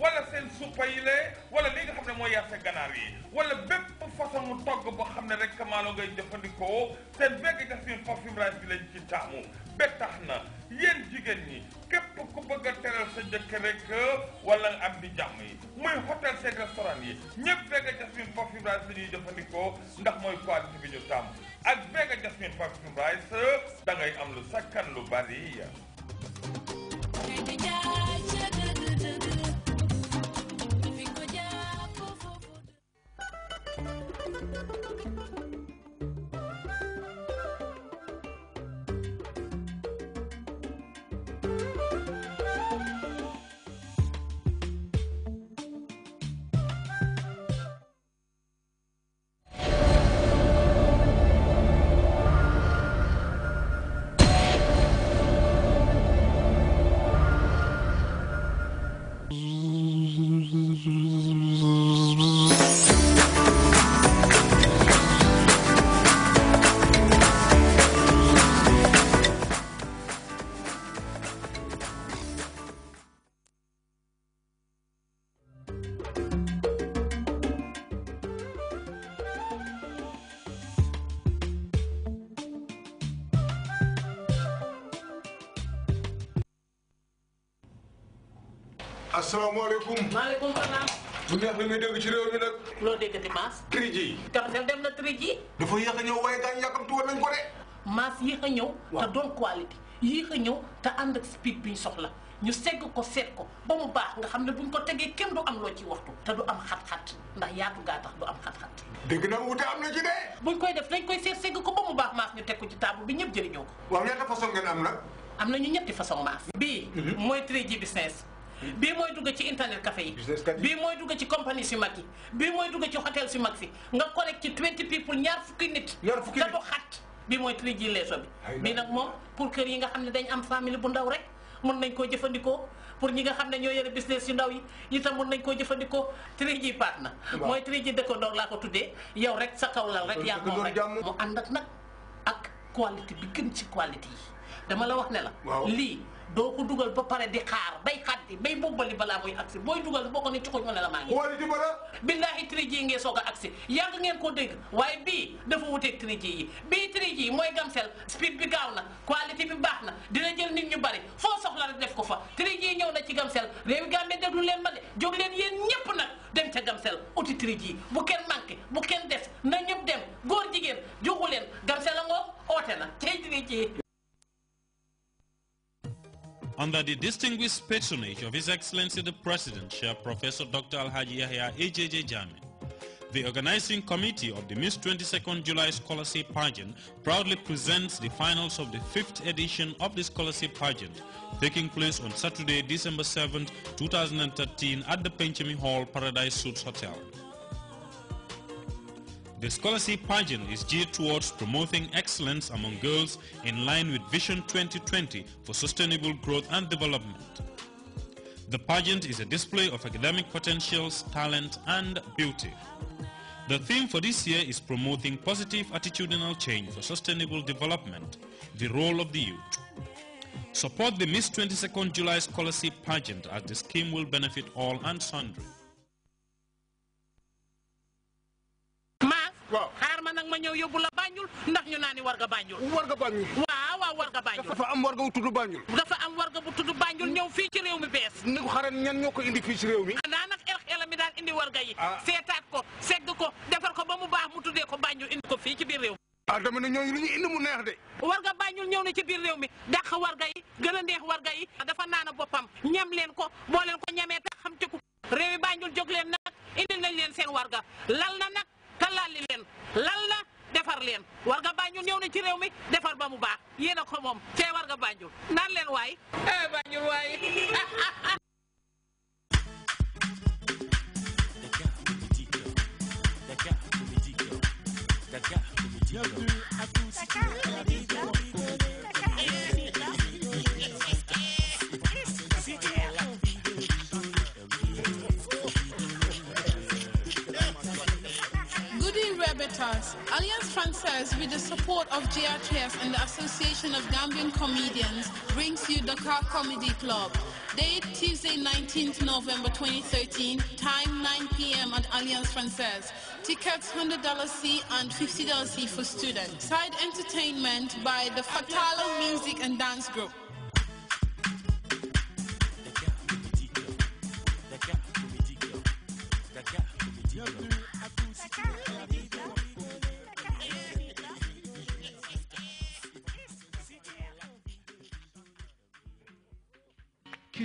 wala seen suppa yi wala li nga xam ne mooy yar ganaar yi wala bépp façon mu togg boo xam ne rek maalo ngay jëfandikoo seen begg jasmin parfume rice bi lañ ci taamu ba tax na yéen jigéen ñi képp ku bëgg a teral sa jëkk rek wala am di jàmm yi muy hôtel seen restaurant yi ñëpp begg jasmin parfume rice la ñuy jëfandikoo ndax mooy qualité bi ñu taamu ak begg jasmin parfume rice da ngay am lu sakkan lu bari asalaamaaleykum. maaleykum salaam. bu neex li muy dégg ci réew mi loo déggati maas. tri ji. Gamzel dem na tri ji. dafa yéex a ñëw waaye gaañ yàkkamtu woon nañ ko de. maas a ñëw. te doon qualité yéex a ñëw te ànd ak speed bi ñu soxla ñu segg ko seet ko ba mu baax nga xam ne buñ ko tegee kenn du loo ci waxtu. te du am ndax yaatu gaa tax am xat-xat. dégg naa wute am na ci koy def dañ koy seet segg ko ba mu baax maas ñu teg ko ci table bi ñëpp ñëw ko. waaw ñaata façon ngeen am nag. am nañu ñetti façon maas. Mhm. bii. mooy tri ji business bii mooy dugg ci internet café yi bii mooy dugg ci compagnie si mag yi bii mooy dugg ci hôtel si mag si nga connect ci 20 people ñaar fukki nit te du xat bii mooy tri ji leeso bi bii nag moom pour kër yi nga xam ne dañ am famille bu ndaw rek mun nañ koo jëfandikoo pour ñi nga xam ne ñoo yore business yu ndaw yi itam mun nañ koo jëfandikoo tri ji partner mooy tri ji dëkkandoor laa ko tuddee yow rek sa kaw lal rek yaa moom rek mu ànd ak nag ak qualité bi gën ci qualité dama la wax ne la lii doo ko dugal ba pare di xaar bay xaddi bay bobbali balaa muy agsi booy dugal boo ko ni cuxuñ mu ne la maa ngi billaahi tri ji ngeen soog a agsi yàgg ngeen ko dégg waaye bii dafa wuteeg tri ji yi bii tri ji mooy gamsel speed bi gaaw na qualité bi baax na dina jël nit ñu bari foo soxla rek def ko fa tri ji ñëw na ci gamsel réewi Gambie déglu leen ma de jóg leen yéen ñépp nag dem ca gamsel uti tri ji bu kenn manqué bu kenn des na ñëpp dem góor jigéen joxu leen gamsel a ngoo oote na cey tri ji Under the distinguished patronage of His Excellency the President, Chair Professor Dr. Alhaji Yahya AJJ Jamin, the organizing committee of the Miss 22nd July Scholarship Pageant proudly presents the finals of the fifth edition of the Scholarship Pageant, taking place on Saturday, December 7, 2013 at the Penchemi Hall Paradise Suites Hotel. The scholarship pageant is geared towards promoting excellence among girls in line with Vision 2020 for sustainable growth and development. The pageant is a display of academic potentials, talent and beauty. The theme for this year is promoting positive attitudinal change for sustainable development, the role of the youth. Support the Miss 22nd July Scholarship Pageant as the scheme will benefit all and sundry. waaw xaar ma nag ma ñëw yóbbu la Banjul ndax ñu naa warga Banjul warga Banjul waaw waaw warga Banjul dafa am warga bu tudd Banjul dafa am warga bu tudd Banjul ñëw fii ci réew mi bees ni ko xaran ñan ñoo indi fii ci réew mi andaa nag el mi daan indi warga yi ah. seetaat ko segg ko defar ko ba mu baax mu tuddee ko Banjul indi ko fii ci biir réew mi ah dama ne ñu indi mu neex de warga Banjul ñëw na ci biir réew mi dàq warga yi gën a neex warga yi dafa naana boppam ñam leen ko boo leen ko ñamee tax xam ci ku réew yi Banjul jóg leen nag indi nañ leen seen warga lal na nag lal na defar leen warga nga bànjul ñëw ci réew mi defar ba mu baax yéen a ko moom cee war nga bànjul naan leen waay eh waay matters. Alliance Francaise, with the support of GRTS and the Association of Gambian Comedians, brings you Dakar Comedy Club. Date Tuesday 19th November 2013, time 9 p.m. at Alliance Francaise. Tickets $100 C and $50 C for students. Side entertainment by the Fatalo Music and Dance Group.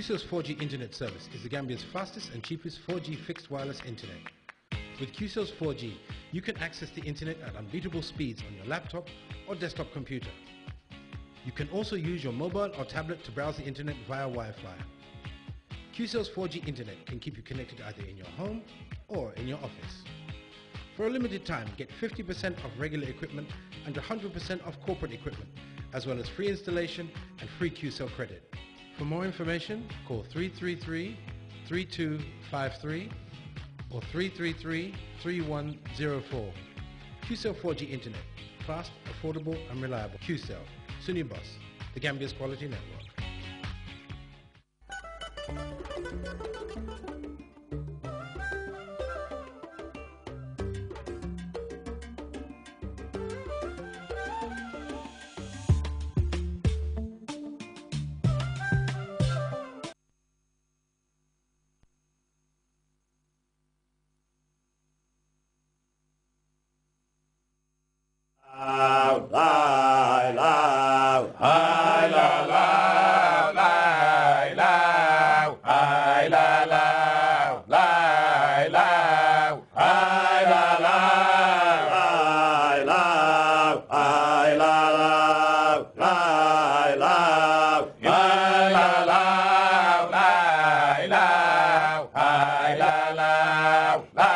QCell's 4G internet service is the Gambia's fastest and cheapest 4G fixed wireless internet. With QCell's 4G, you can access the internet at unbeatable speeds on your laptop or desktop computer. You can also use your mobile or tablet to browse the internet via Wi-Fi. QCell's 4G internet can keep you connected either in your home or in your office. For a limited time, get 50% off regular equipment and 100% off corporate equipment, as well as free installation and free QCell credit. For more information, call 333-3253 or 333-3104. QCell 4G Internet. Fast, affordable and reliable. QCell. SUNY Bus. The Gambia's Quality Network. la la la